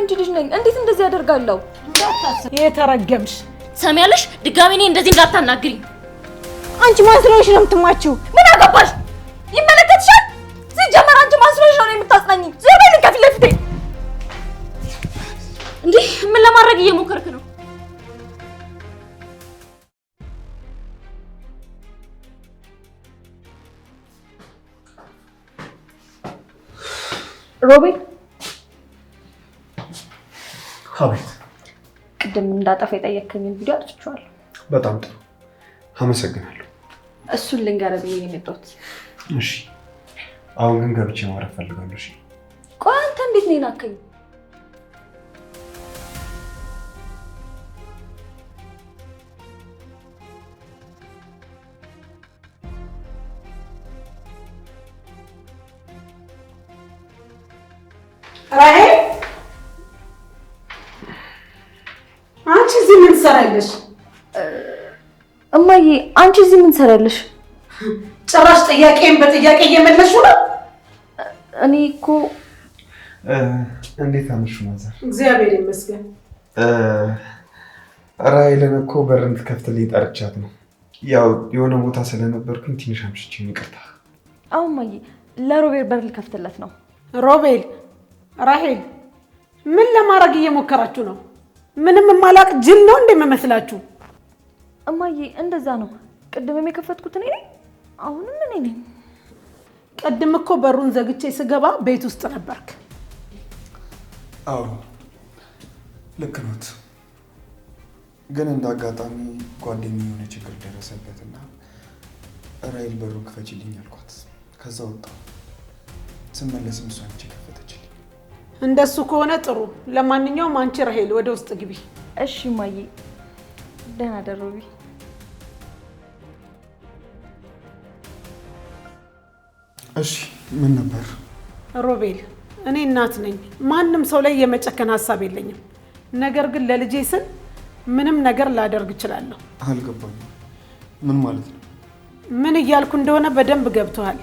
አንቺ ልጅ ነኝ፣ እንዴት እንደዚህ ያደርጋለሁ? የተረገምሽ ሰሚያለሽ። ድጋሚ እኔ እንደዚህ እንዳታናግሪኝ። አንቺ ማን ስለሆንሽ ነው የምትማችው? ምን አገባሽ? ይመለከትሻል? ሲጀመር አንቺ ማን ስለሆንሽ ነው የምታጽናኝ? ዞር በይልኝ ከፊት ለፊቴ። እንዲህ ምን ለማድረግ እየሞከርክ ነው? ሮቤል ሀብት ቅድም እንዳጠፋ የጠየከኝን ቪዲዮ አጥፍቼዋለሁ። በጣም ጥሩ አመሰግናለሁ። እሱን ልንገርህ ብዬ የመጣሁት። እሺ፣ አሁን ግን ገብቼ ማረፍ ፈልጋለሁ። እሺ፣ ቆይ አንተ እንዴት ነው ናከኝ ታያለሽ። እማዬ አንቺ እዚህ ምን ትሰሪያለሽ? ጭራሽ ጥያቄን በጥያቄ እየመለሹ ነው። እኔ እኮ እንዴት አመሹ ማዘር? እግዚአብሔር ይመስገን። ራሔልን እኮ በር እንድትከፍትልኝ ጠርቻት ነው። ያው የሆነ ቦታ ስለነበርኩኝ ትንሽ አምሽቼ ይቅርታ። አሁን እማዬ ለሮቤል በር ልከፍትለት ነው። ሮቤል፣ ራሔል ምን ለማድረግ እየሞከራችሁ ነው? ምንም የማላቅ ጅል ነው እንደሚመስላችሁ። እማዬ እንደዛ ነው። ቅድምም የከፈትኩት እኔ ነኝ፣ አሁንም እኔ ነኝ። ቅድም እኮ በሩን ዘግቼ ስገባ ቤት ውስጥ ነበርክ። አዎ ልክ ኖት። ግን እንደ አጋጣሚ ጓደኛ የሆነ ችግር ደረሰበትና ራይል በሩን ክፈችልኝ አልኳት። ከዛ ወጣ ስመለስም እሷን ችግር እንደሱ ከሆነ ጥሩ። ለማንኛውም አንቺ ራሄል ወደ ውስጥ ግቢ። እሺ ማዬ፣ ደህና ደሮቢ። እሺ ምን ነበር ሮቤል? እኔ እናት ነኝ። ማንም ሰው ላይ የመጨከን ሀሳብ የለኝም። ነገር ግን ለልጄ ስል ምንም ነገር ላደርግ እችላለሁ። አልገባኝም። ምን ማለት ነው? ምን እያልኩ እንደሆነ በደንብ ገብቶሃል።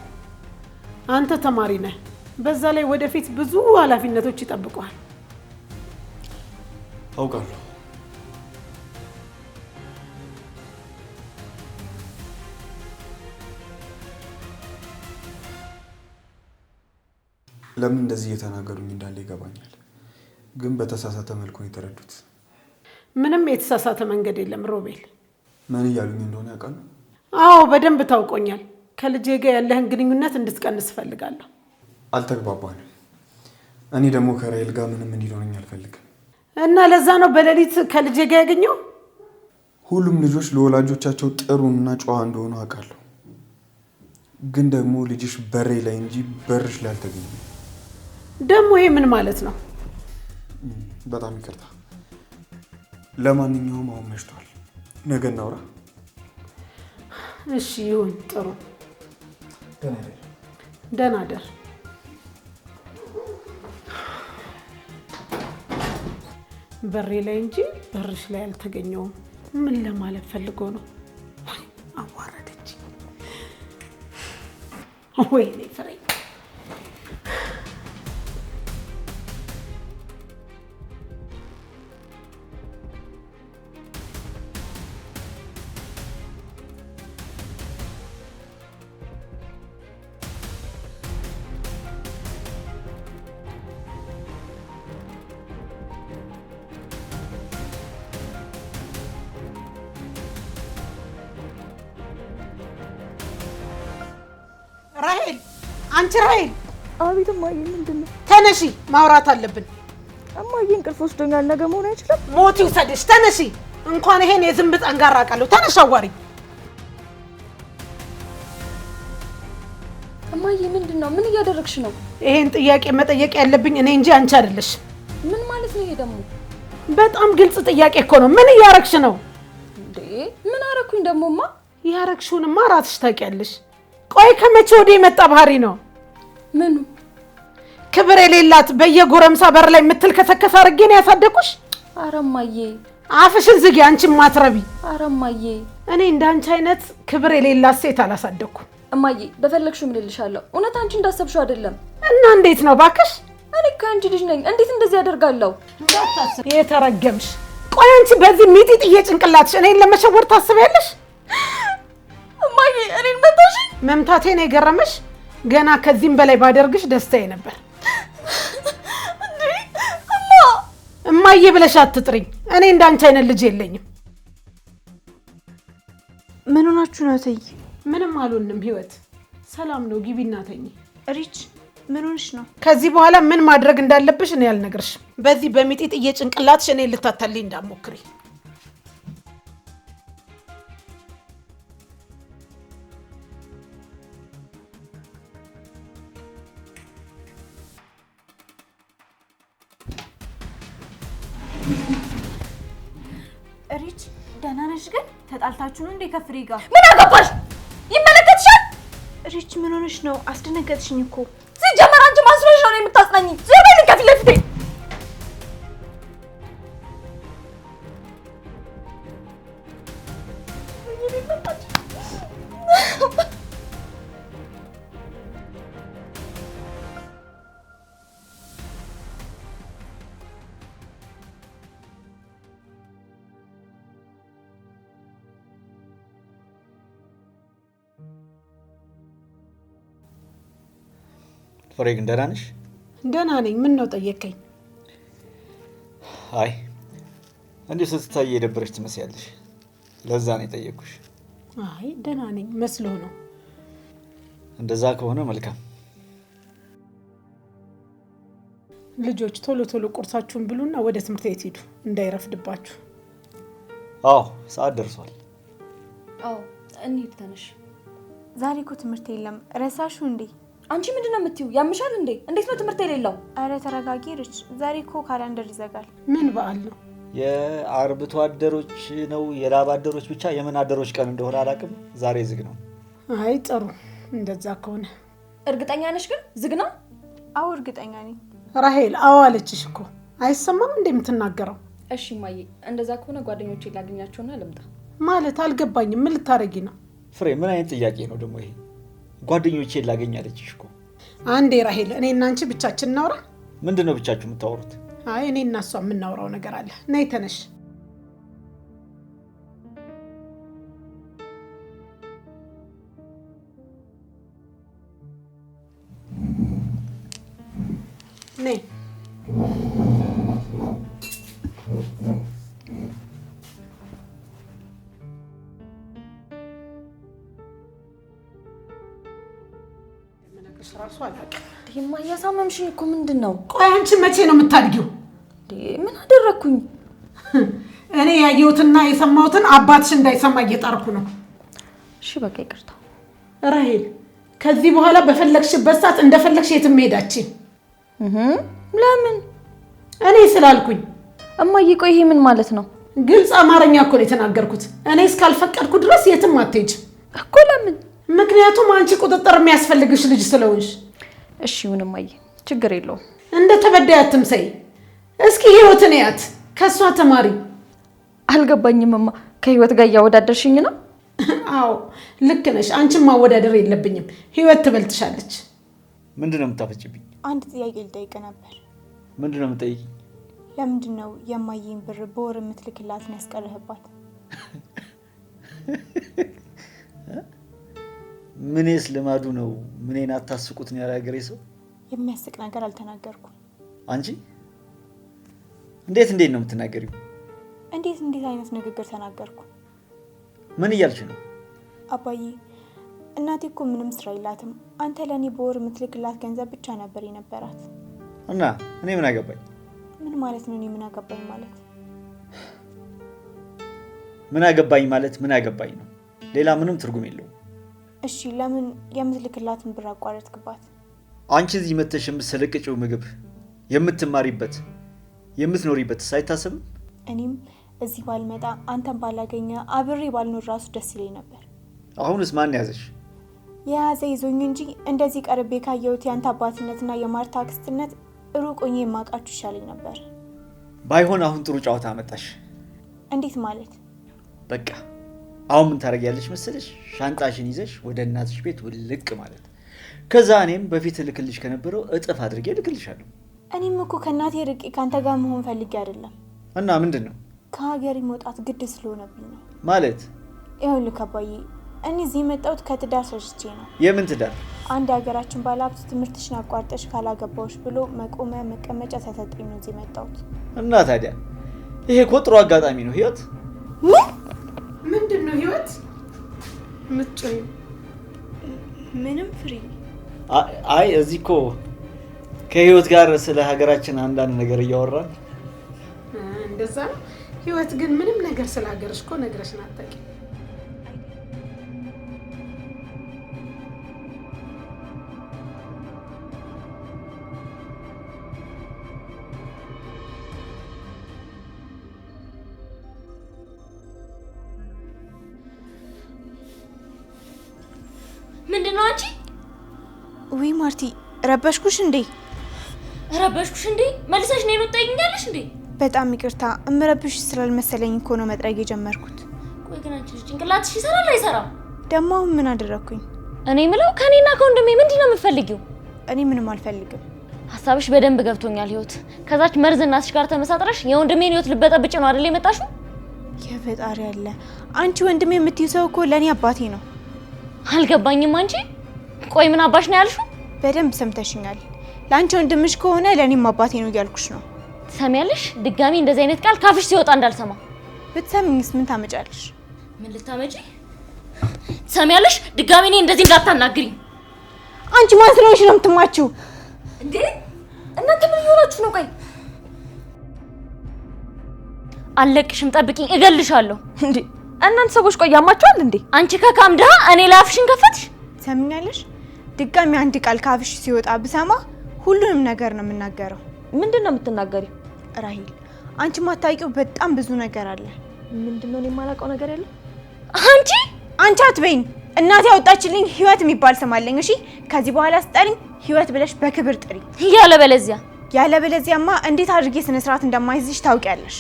አንተ ተማሪ ነህ በዛ ላይ ወደፊት ብዙ ኃላፊነቶች ይጠብቀዋል። አውቃለሁ። ለምን እንደዚህ እየተናገሩኝ እንዳለ ይገባኛል፣ ግን በተሳሳተ መልኩ ነው የተረዱት። ምንም የተሳሳተ መንገድ የለም ሮቤል። ምን እያሉኝ እንደሆነ ያውቃሉ? አዎ በደንብ ታውቆኛል። ከልጄ ጋር ያለህን ግንኙነት እንድትቀንስ እፈልጋለሁ። አልተግባባንም። እኔ ደግሞ ከራይል ጋር ምንም እንዲኖረኝ አልፈልግም እና ለዛ ነው በሌሊት ከልጄ ጋር ያገኘው። ሁሉም ልጆች ለወላጆቻቸው ጥሩና ጨዋ እንደሆኑ አውቃለሁ፣ ግን ደግሞ ልጅሽ በሬ ላይ እንጂ በርሽ ላይ አልተገኘም። ደግሞ ይሄ ምን ማለት ነው? በጣም ይቅርታ። ለማንኛውም አሁን መሽቷል፣ ነገ እናውራ። እሺ ይሁን፣ ጥሩ። ደህና ደር። በሬ ላይ እንጂ በርሽ ላይ አልተገኘውም። ምን ለማለት ፈልጎ ነው? አዋረደች ወይ ራሄል፣ አንቺ ራሄል። አቤት እማዬ፣ ምንድን ነው? ተነሺ፣ ማውራት አለብን። እማዬ፣ እንቅልፍ ወስዶኛል። ነገ መሆን አይችልም። ሞት ይውሰድሽ። ተነሺ። እንኳን ይሄን የዝንብ ጠንጋራ ቃለሁ። ተነሽ፣ አዋሪ። እማዬ፣ ምንድን ነው? ምን እያደረግሽ ነው? ይሄን ጥያቄ መጠየቅ ያለብኝ እኔ እንጂ አንቺ አይደለሽ። ምን ማለት ነው ይሄ ደግሞ? በጣም ግልጽ ጥያቄ እኮ ነው። ምን እያረግሽ ነው? ምን አረኩኝ ደሞማ? ያረግሽውንማ ራስሽ ታውቂያለሽ። ቆይ ከመቼ ወዲህ የመጣ ባህሪ ነው? ምኑ ክብር የሌላት በየጎረምሳ በር ላይ የምትል ከሰከሰ አድርጌ ነው ያሳደኩሽ። አረማዬ አፍሽን ዝጊ፣ አንቺ ማትረቢ። አረማዬ እኔ እንደ አንቺ አይነት ክብር የሌላት ሴት አላሳደኩም። እማዬ በፈለግሽ ምን እልሻለሁ፣ እውነት አንቺ እንዳሰብሽው አይደለም። እና እንዴት ነው ባክሽ? እኔ ከአንቺ ልጅ ነኝ፣ እንዴት እንደዚህ ያደርጋለሁ? የተረገምሽ። ቆይ አንቺ በዚህ ሚጢጥዬ ጭንቅላትሽ እኔን ለመሸወር ታስቢያለሽ? እማዬ እኔን መታሽኝ? መምታቴን የገረመሽ? ገና ከዚህም በላይ ባደርግሽ ደስታዬ ነበር። እማ እማዬ ብለሽ አትጥሪኝ። እኔ እንዳንቺ አይነት ልጅ የለኝም። ምን ሆናችሁ ነው እትዬ? ምንም አልሆንም። ህይወት ሰላም ነው። ግቢ እናተኝ። ሪች ምን ሆንሽ ነው? ከዚህ በኋላ ምን ማድረግ እንዳለብሽ እኔ አልነግርሽም። በዚህ በሚጢጥ እየጭንቅላትሽ እኔ ልታታልኝ እንዳትሞክሪ ተጣልታችሁን እንዴ? ከፍሬ ጋር ምን አገባሽ? ይመለከትሻል። ሪች ምን ሆነሽ ነው? አስደነገጥሽኝ እኮ። ሲጀመር አንቺ ማን ስለሽ ነው የምታጽናኝ? ዝም በይ ከፊት ለፊቴ ፍሬ ግን ደህና ነሽ? ደህና ነኝ። ምን ነው ጠየቀኝ? አይ እንዲሁ ስትታይ የደበረች ትመስያለሽ። ለዛ ነው የጠየኩሽ። አይ ደህና ነኝ መስሎ ነው። እንደዛ ከሆነ መልካም። ልጆች ቶሎ ቶሎ ቁርሳችሁን ብሉና ወደ ትምህርት ቤት ሂዱ እንዳይረፍድባችሁ። አዎ ሰዓት ደርሷል። አዎ እንሂድ፣ ተነሽ። ዛሬ እኮ ትምህርት የለም። ረሳሹ እንዴ? አንቺ ምንድን ነው የምትይው? ያምሻል እንዴ? እንዴት ነው ትምህርት የሌለው? አረ ተረጋጊ ርች። ዛሬ እኮ ካላንደር ይዘጋል። ምን በዓል ነው? የአርብቶ አደሮች ነው የላብ አደሮች ብቻ የምን አደሮች ቀን እንደሆነ አላውቅም። ዛሬ ዝግ ነው። አይ ጥሩ፣ እንደዛ ከሆነ እርግጠኛ ነሽ ግን ዝግ ነው? አዎ እርግጠኛ ነኝ። ራሄል አዎ አለችሽ እኮ አይሰማም የምትናገረው? እሺ ማየ እንደዛ ከሆነ ጓደኞቼ ላገኛቸውና ልምጣ። ማለት አልገባኝም። ምን ልታረጊ ነው? ፍሬ ምን አይነት ጥያቄ ነው ደግሞ ይሄ? ጓደኞቼ ላገኛለች እኮ። አንዴ ራሄል፣ እኔ እና አንቺ ብቻችን እናውራ። ምንድን ነው ብቻችሁ የምታወሩት? አይ እኔ እና እሷ የምናውራው ነገር አለ። ነይ ተነሽ። የምትሆንሽኝ እኮ ምንድን ነው? ቆይ አንቺ መቼ ነው የምታድጊው? ምን አደረግኩኝ እኔ? ያየሁትና የሰማሁትን አባትሽ እንዳይሰማ እየጣርኩ ነው። እሺ በቃ ይቅርታ ራሄል። ከዚህ በኋላ በፈለግሽበት ሰዓት እንደፈለግሽ የትም መሄዳች? ለምን እኔ ስላልኩኝ? እማዬ ቆይ ይሄ ምን ማለት ነው? ግልጽ አማርኛ እኮ ነው የተናገርኩት። እኔ እስካልፈቀድኩ ድረስ የትም አትሄጂም እኮ። ለምን? ምክንያቱም አንቺ ቁጥጥር የሚያስፈልግሽ ልጅ ስለሆንሽ። እሺ ይሁን እማዬ። ችግር የለውም። እንደ ተበዳይ አትምሰይ። እስኪ ህይወትን ያት ከእሷ ተማሪ። አልገባኝምማ። ከህይወት ጋር እያወዳደርሽኝ ነው? አዎ ልክ ነሽ። አንቺን ማወዳደር የለብኝም። ህይወት ትበልጥሻለች። ምንድን ነው የምታፈጭብኝ? አንድ ጥያቄ ልጠይቅ ነበር። ምንድን ነው የምጠይቅኝ? ለምንድን ነው የማየኝ ብር በወር የምትልክላትን ያስቀርህባት? ምኔስ ልማዱ ነው። ምኔን አታስቁት ነው ያለ ሀገሬ ሰው የሚያስቅ ነገር አልተናገርኩም። አንቺ እንዴት እንዴት ነው የምትናገሪው? እንዴት እንዴት አይነት ንግግር ተናገርኩ? ምን እያልች ነው? አባዬ እናቴ እኮ ምንም ስራ የላትም። አንተ ለእኔ በወር የምትልክላት ገንዘብ ብቻ ነበር የነበራት። እና እኔ ምን አገባኝ? ምን ማለት ነው? እኔ ምን አገባኝ ማለት ምን አገባኝ ማለት ምን አገባኝ ነው። ሌላ ምንም ትርጉም የለውም። እሺ ለምን የምትልክላትን ብር አቋረጥክባት? አንቺ እዚህ መተሽ የምትሰለቅጭው ምግብ የምትማሪበት የምትኖሪበት አይታሰብም። እኔም እዚህ ባልመጣ አንተን ባላገኘ አብሬ ባልኖር ራሱ ደስ ይለኝ ነበር። አሁንስ ማን ያዘሽ? የያዘ ይዞኝ እንጂ እንደዚህ ቀርቤ ካየሁት የአንተ አባትነትና የማርታ አክስትነት ሩቅ ሆኜ የማውቃችሁ ይሻለኝ ነበር። ባይሆን አሁን ጥሩ ጨዋታ አመጣሽ። እንዴት ማለት? በቃ አሁን ምን ታደርጊያለሽ መሰለሽ? ሻንጣሽን ይዘሽ ወደ እናትሽ ቤት ውልቅ ማለት ከዛ እኔም በፊት ልክልሽ ከነበረው እጥፍ አድርጌ ልክልሻለሁ። እኔም እኮ ከእናቴ ርቄ ከአንተ ጋር መሆን ፈልጌ አይደለም። እና ምንድን ነው? ከሀገሬ መውጣት ግድ ስለሆነብኝ ነው። ማለት ይኸውልህ አባዬ፣ እኔ እዚህ የመጣሁት ከትዳር ሸሽቼ ነው። የምን ትዳር? አንድ የሀገራችን ባለሀብት ትምህርትሽን አቋርጠሽ ካላገባዎች ብሎ መቆሚያ መቀመጫ ተሰጠኝ ነው እዚህ የመጣሁት። እና ታዲያ ይሄ እኮ ጥሩ አጋጣሚ ነው። ህይወት ምንድን ነው ህይወት ምጮ ምንም ፍሬ አይ እዚህ እኮ ከህይወት ጋር ስለ ሀገራችን አንዳንድ ነገር እያወራን እንደዛ ነው። ህይወት ግን ምንም ነገር ስለ ሀገርሽ እኮ ነግረሽን አታውቂም። ወይ ማርቲ ረበሽኩሽ እንዴ? ረበሽኩሽ እንዴ? መልሰሽ እኔን ትጠይቂኛለሽ እንዴ? በጣም ይቅርታ እምረብሽ ስላልመሰለኝ እኮ ነው መጥረግ የጀመርኩት። ቆይ ግን አንቺ ጭንቅላትሽ ይሰራል አይሰራም? ደግሞ አሁን ምን አደረግኩኝ? እኔ ምለው ከእኔና ከወንድሜ ምንድን ነው የምትፈልጊው? እኔ ምንም አልፈልግም። ሀሳብሽ በደንብ ገብቶኛል ህይወት። ከዛች መርዝ እናትሽ ጋር ተመሳጥረሽ የወንድሜን ህይወት ልበጠብጭ ነው አይደል የመጣሽው? የፈጣሪ አለ። አንቺ ወንድሜ የምትይው ሰው እኮ ለእኔ አባቴ ነው። አልገባኝም። አንቺ ቆይ ምን አባሽ ነው ያልሽው? በደንብ ሰምተሽኛል። ለአንቺ ወንድምሽ ከሆነ ለእኔም አባቴ ነው እያልኩሽ ነው። ትሰሚያለሽ? ድጋሚ እንደዚህ አይነት ቃል ካፍሽ ሲወጣ እንዳልሰማ። ብትሰሚኝስ ምን ታመጫለሽ? ምን ልታመጪ? ትሰሚያለሽ? ድጋሚ እኔ እንደዚህ እንዳታናግሪኝ። አንቺ ማን ስለሆንሽ ነው የምትማችው እንዴ? እናንተ ምን ሆናችሁ ነው? ቆይ አለቅሽም፣ ጠብቂኝ፣ እገልሻለሁ። እንዴ እናንተ ሰዎች ቆይ ያማችኋል እንዴ? አንቺ ከካምዳ ድሃ እኔ ላፍሽን ከፈትሽ። ትሰሚኛለሽ? ድጋሚ አንድ ቃል ካፍሽ ሲወጣ ብሰማ ሁሉንም ነገር ነው የምናገረው። ምንድን ነው የምትናገሪው? ራሂል አንቺ ማታውቂው በጣም ብዙ ነገር አለ። ምንድን ነው? የማላውቀው ነገር የለም። አንቺ አንቺ አትበይኝ። እናቴ ያወጣችልኝ ህይወት የሚባል ስም አለኝ። እሺ ከዚህ በኋላ ስጠሪኝ ህይወት ብለሽ በክብር ጥሪ። ያለበለዚያ ያለበለዚያማ እንዴት አድርጌ ስነ ስርዓት እንደማይዝሽ ታውቂያለሽ።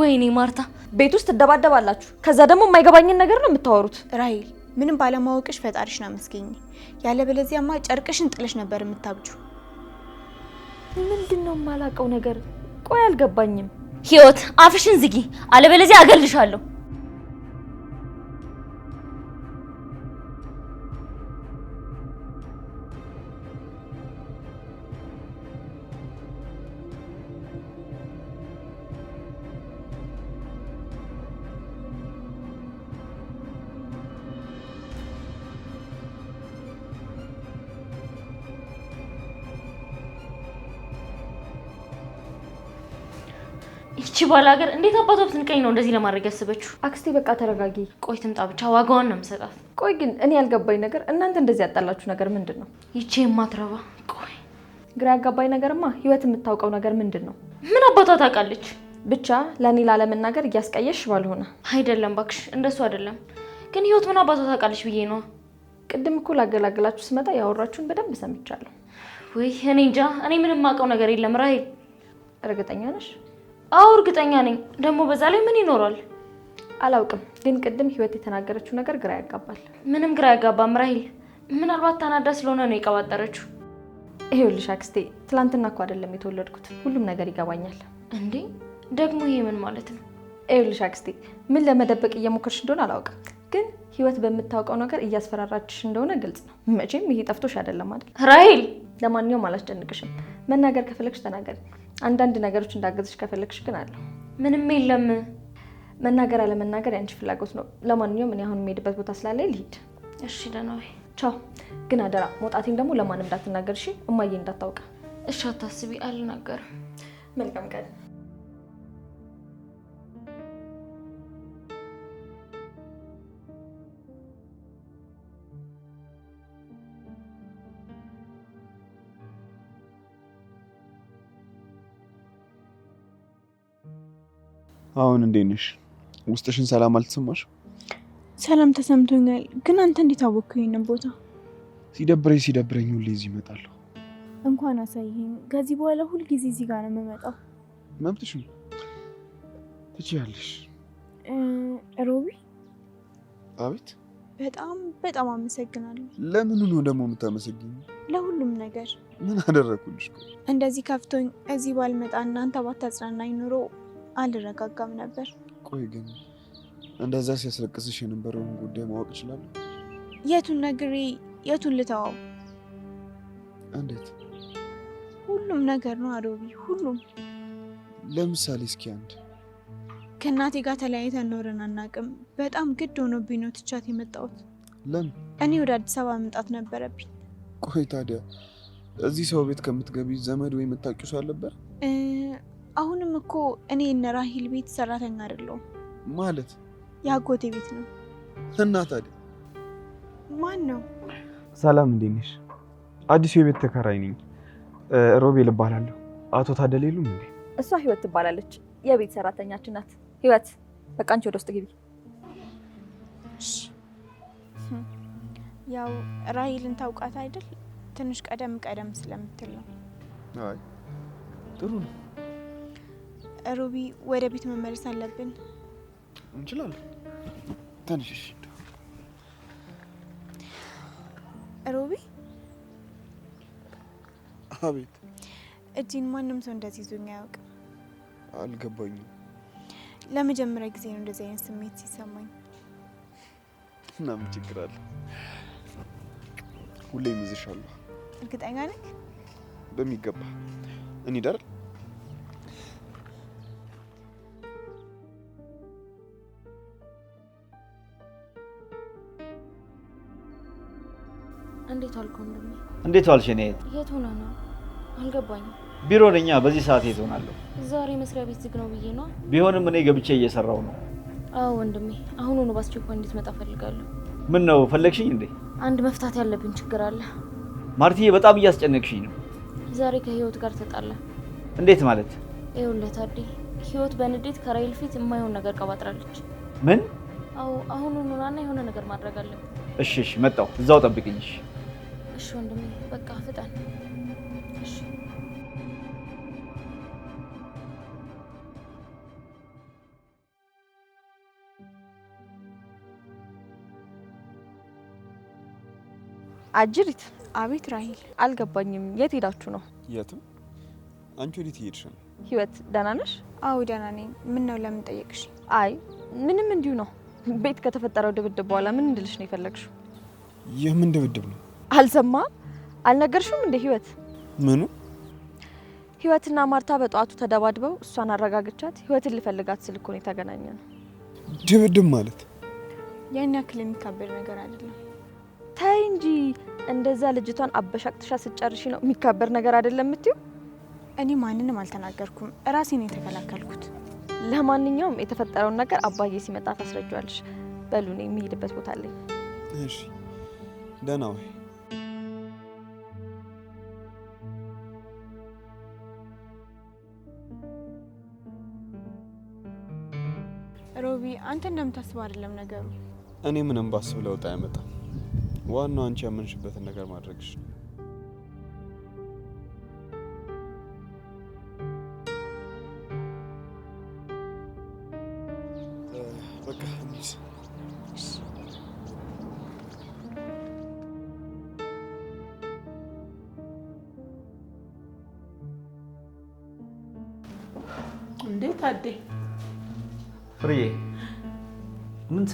ወይኔ ማርታ፣ ቤት ውስጥ ትደባደባላችሁ፣ ከዛ ደግሞ የማይገባኝን ነገር ነው የምታወሩት። ራሂል ምንም ባለማወቅሽ ፈጣሪሽን አመስገኝ። ያለበለዚያማ ጨርቅሽን ጥለሽ ነበር የምታብጁ። ምንድን ነው የማላውቀው ነገር? ቆይ አልገባኝም። ህይወት አፍሽን ዝጊ፣ አለበለዚያ አገልሻለሁ። ይቺ ባላገር እንዴት አባቷ ብትንቀኝ ነው እንደዚህ ለማድረግ ያስበችው? አክስቴ በቃ ተረጋጊ፣ ቆይ ትምጣ ብቻ ዋጋዋን ነው የምሰጣት። ቆይ ግን እኔ ያልገባኝ ነገር እናንተ እንደዚህ ያጣላችሁ ነገር ምንድን ነው? ይቺ የማትረባ ቆይ ግራ ያጋባኝ ነገርማ ህይወት የምታውቀው ነገር ምንድን ነው? ምን አባቷ ታውቃለች? ብቻ ለእኔ ላለመናገር እያስቀየሽ ባልሆነ አይደለም ባክሽ፣ እንደሱ አይደለም። ግን ህይወት ምን አባቷ ታውቃለች ብዬ ነዋ። ቅድም እኮ ላገላግላችሁ ስመጣ ያወራችሁን በደንብ ሰምቻለሁ። ወይ እኔ እንጃ፣ እኔ ምንም የማውቀው ነገር የለም። ራሄል እርግጠኛ ነሽ? አዎ እርግጠኛ ነኝ። ደግሞ በዛ ላይ ምን ይኖራል አላውቅም። ግን ቅድም ህይወት የተናገረችው ነገር ግራ ያጋባል። ምንም ግራ ያጋባም ራሂል። ምናልባት ታናዳ ስለሆነ ነው የቀባጠረችው። ይኸውልሽ አክስቴ፣ ትላንትና እኮ አይደለም የተወለድኩት። ሁሉም ነገር ይገባኛል። እንዴ ደግሞ ይሄ ምን ማለት ነው? ይኸውልሽ አክስቴ፣ ምን ለመደበቅ እየሞከርሽ እንደሆነ አላውቅም ግን ህይወት በምታውቀው ነገር እያስፈራራችሽ እንደሆነ ግልጽ ነው። መቼም ይሄ ጠፍቶሽ አይደለም አይደል ራሄል? ለማንኛውም አላስጨንቅሽም። መናገር ከፈለግሽ ተናገሪ። አንዳንድ ነገሮች እንዳገዝሽ ከፈለግሽ ግን አለ። ምንም የለም። መናገር አለመናገር ያንቺ ፍላጎት ነው። ለማንኛውም እኔ አሁን የምሄድበት ቦታ ስላለኝ ልሂድ። እሺ ደህና ወይ። ቻው። ግን አደራ መውጣቴን ደግሞ ለማንም እንዳትናገር እሺ? እማዬ እንዳታውቀ። እሺ አታስቢ፣ አልናገርም። መልካም ቀን አሁን እንዴት ነሽ? ውስጥሽን ሰላም አልተሰማሽ? ሰላም ተሰምቶኛል፣ ግን አንተ እንዴት አወቅከው ቦታ? ሲደብረኝ ሲደብረኝ ሁሌ እዚህ እመጣለሁ። እንኳን አሳይኝ። ከዚህ በኋላ ሁልጊዜ እዚህ ጋር ነው የምመጣው። መብትሽ ነው፣ ትችያለሽ። ሮቢ። አቤት። በጣም በጣም አመሰግናለሁ። ለምኑ ነው ደግሞ የምታመሰግኝ? ለሁሉም ነገር። ምን አደረግኩልሽ? እንደዚህ ከፍቶኝ እዚህ ባልመጣ እናንተ ባታጽናናኝ ኑሮ አልረጋጋም ነበር። ቆይ ግን እንደዛ ሲያስለቅስሽ የነበረውን ጉዳይ ማወቅ እችላለሁ? የቱን ነግሬ የቱን ልተዋው? እንዴት? ሁሉም ነገር ነው አዶቢ፣ ሁሉም። ለምሳሌ እስኪ አንድ ከእናቴ ጋር ተለያይተን ኖረን አናውቅም። በጣም ግድ ሆኖብኝ ነው ትቻት የመጣሁት። ለምን? እኔ ወደ አዲስ አበባ መምጣት ነበረብኝ። ቆይ ታዲያ እዚህ ሰው ቤት ከምትገቢ ዘመድ ወይ የምታውቂው ሰው አልነበር? አሁንም እኮ እኔ እነ ራሂል ቤት ሰራተኛ አይደለሁም። ማለት የአጎቴ ቤት ነው። እና ታዲያ ማን ነው? ሰላም፣ እንዴት ነሽ? አዲሱ የቤት ተከራይ ነኝ። ሮቤል እባላለሁ። አቶ ታደለ የሉም እንዴ? እሷ ህይወት ትባላለች። የቤት ሰራተኛችን ናት። ህይወት፣ በቃ አንቺ ወደ ውስጥ ግቢ። ያው ራሂልን ታውቃት አይደል? ትንሽ ቀደም ቀደም ስለምትል ነው። አይ ጥሩ ነው። ሩቢ፣ ወደ ቤት መመለስ አለብን። እንችላለን። ተንሽሽ ሩቢ። አቤት። እጅን ማንም ሰው እንደዚህ ይዞኝ አያውቅም። አልገባኝም። ለመጀመሪያ ጊዜ ነው እንደዚህ አይነት ስሜት ሲሰማኝ። እና ምን ችግር አለ? ሁሌም ይዝሻለሁ። እርግጠኛ ነህ? በሚገባ እኔ ዳር ሞቷል እንዴት ዋልሽ? እኔ የት ሆነ ነው አልገባኝም። ቢሮ ነኛ። በዚህ ሰዓት የት ሆናለሁ? ዛሬ መስሪያ ቤት ዝግ ነው ብዬ ነው። ቢሆንም እኔ ገብቼ እየሰራው ነው። አዎ ወንድሜ፣ አሁን ነው በአስቸኳይ እንድትመጣ ፈልጋለሁ። ምን ነው ፈለግሽኝ እንዴ? አንድ መፍታት ያለብን ችግር አለ ማርቲ በጣም እያስጨነቅሽኝ ነው። ዛሬ ከህይወት ጋር ተጣላ። እንዴት ማለት? ይኸውልህ ታዴ፣ ህይወት በንዴት ከራይል ፊት የማይሆን ነገር ቀባጥራለች። ምን? አዎ አሁኑኑ ናና የሆነ ነገር ማድረግ አለብን። እሺ እሺ፣ መጣሁ። እዛው ጠብቅኝሽ እሺ ወንድሜ፣ በቃ ፍጠን። እሺ አጅሪት። አቤት ራሂል። አልገባኝም፣ የት ሄዳችሁ ነው? የትም። አንቺ ወዴት እየሄድሽ ነው? ህይወት፣ ደህና ነሽ? አዎ ደህና ነኝ። ምን ነው ለምን ጠየቅሽ? አይ ምንም፣ እንዲሁ ነው። ቤት ከተፈጠረው ድብድብ በኋላ ምን እንድልሽ ነው የፈለግሽው? ይህ ምን ድብድብ ነው? አልሰማ አልነገርሽም እንደ ህይወት ምኑ ህይወትና ማርታ በጠዋቱ ተደባድበው እሷን አረጋግቻት ህይወትን ልፈልጋት ስል የተገናኘ ነው ድብድብ ማለት ያን ያክል የሚካበድ ነገር አይደለም። ተይ እንጂ እንደዛ ልጅቷን አበሻቅትሻ ስጨርሽ ነው የሚካበር ነገር አይደለም የምትይው? እኔ ማንንም አልተናገርኩም፣ እራሴ ነው የተከላከልኩት። ለማንኛውም የተፈጠረውን ነገር አባዬ ሲመጣ ታስረጇለሽ። በሉ እኔ የሚሄድበት ቦታ አለኝ። እሺ ደህና ወይ ሮቢ፣ አንተ እንደምታስብ አይደለም ነገሩ። እኔ ምንም ባስብ ለውጥ አያመጣም። ዋናው አንቺ ያመንሽበትን ነገር ማድረግሽ ነው።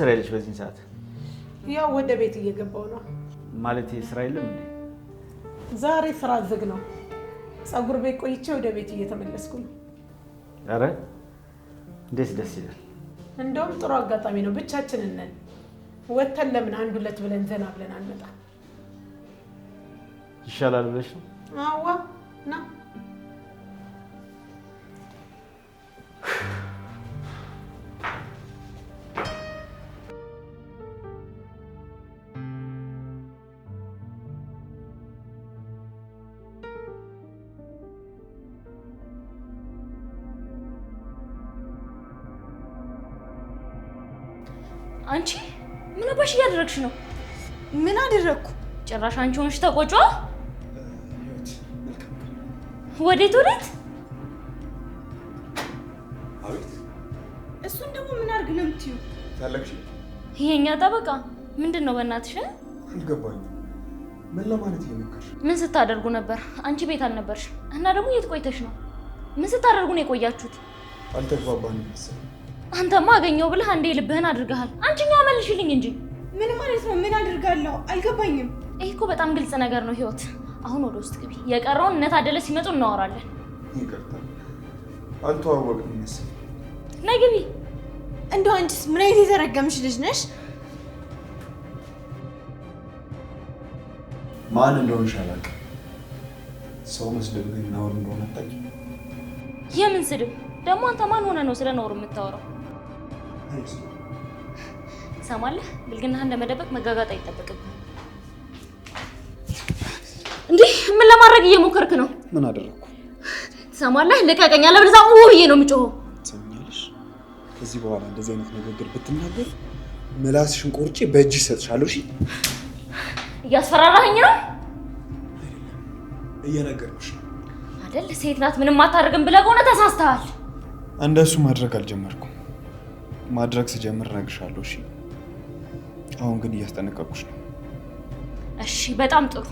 ስራ የለሽ? በዚህን ሰዓት ያው ወደ ቤት እየገባው ነው ማለት። ስራ የለም እንዴ? ዛሬ ስራ ዝግ ነው። ፀጉር ቤት ቆይቼ ወደ ቤት እየተመለስኩ ነው። ኧረ እንዴት ደስ ይላል! እንደውም ጥሩ አጋጣሚ ነው። ብቻችንን ነን። ወተን ለምን አንድ ሁለት ብለን ዘና ብለን አንመጣ? ይሻላል ብለሽ ነው? አዋ ና አንቺ ምን አባሽ እያደረግሽ ነው? ምን አደረግኩ? ጭራሽ አንቺ ሆንሽ ተቆጮ። ወዴት ወዴት? አቤት። እሱን ደግሞ ምን አድርግ ነው የምትይው? ታለቅሽ። ይሄኛ ጠበቃ ምንድን ነው? በእናትሽ አልገባኝም። ምን ለማለት እየሞከርሽ? ምን ስታደርጉ ነበር? አንቺ ቤት አልነበርሽ እና ደግሞ የት ቆይተሽ ነው? ምን ስታደርጉ ነው የቆያችሁት? አልተግባባንም መሰለኝ አንተማ አገኘው ብለህ አንዴ ልብህን አድርገሃል። አንቺኛው መልሽልኝ እንጂ ምን ማለት ነው? ምን አድርጋለሁ? አልገባኝም። ይህ እኮ በጣም ግልጽ ነገር ነው። ህይወት፣ አሁን ወደ ውስጥ ግቢ። የቀረውን እነ ታደለ ሲመጡ እናወራለን። ይቅርታ አልተዋወቅም መሰለኝ። ነይ ግቢ። እንደው አንቺስ ምን አይነት የተረገምሽ ልጅ ነሽ? ማን እንደሆንሽ አላውቅም። ሰው መስደብ ግን ነውር እንደሆነ አታውቂም። የምን ስድብ ደግሞ? አንተ ማን ሆነ ነው ስለ ነውር የምታወራው? ትሰማለህ? ብልግናህን ለመደበቅ መጋጋጥ አይጠበቅብህም። እንዲህ ምን ለማድረግ እየሞከርክ ነው? ምን አደረግኩ? ትሰማለህ? ልቀቀኝ፣ አለበለዚያ ነው የምጮኸው። ትሰሚኛለሽ? ከዚህ በኋላ እንደዚህ አይነት ንግግር ብትናገር ምላስሽን ቆርጬ በእጅ ይሰጥሻለሁ። እሺ? እያስፈራራኸኝ ነው? እየነገርኩሽ ነው አይደል? ሴት ናት ምንም አታደርግም ብለህ ከሆነ ተሳስተሃል። እንደሱ ማድረግ አልጀመርኩም። ማድረግ ስጀምር እነግርሻለሁ። እሺ? አሁን ግን እያስጠነቀቅኩሽ ነው። እሺ፣ በጣም ጥሩ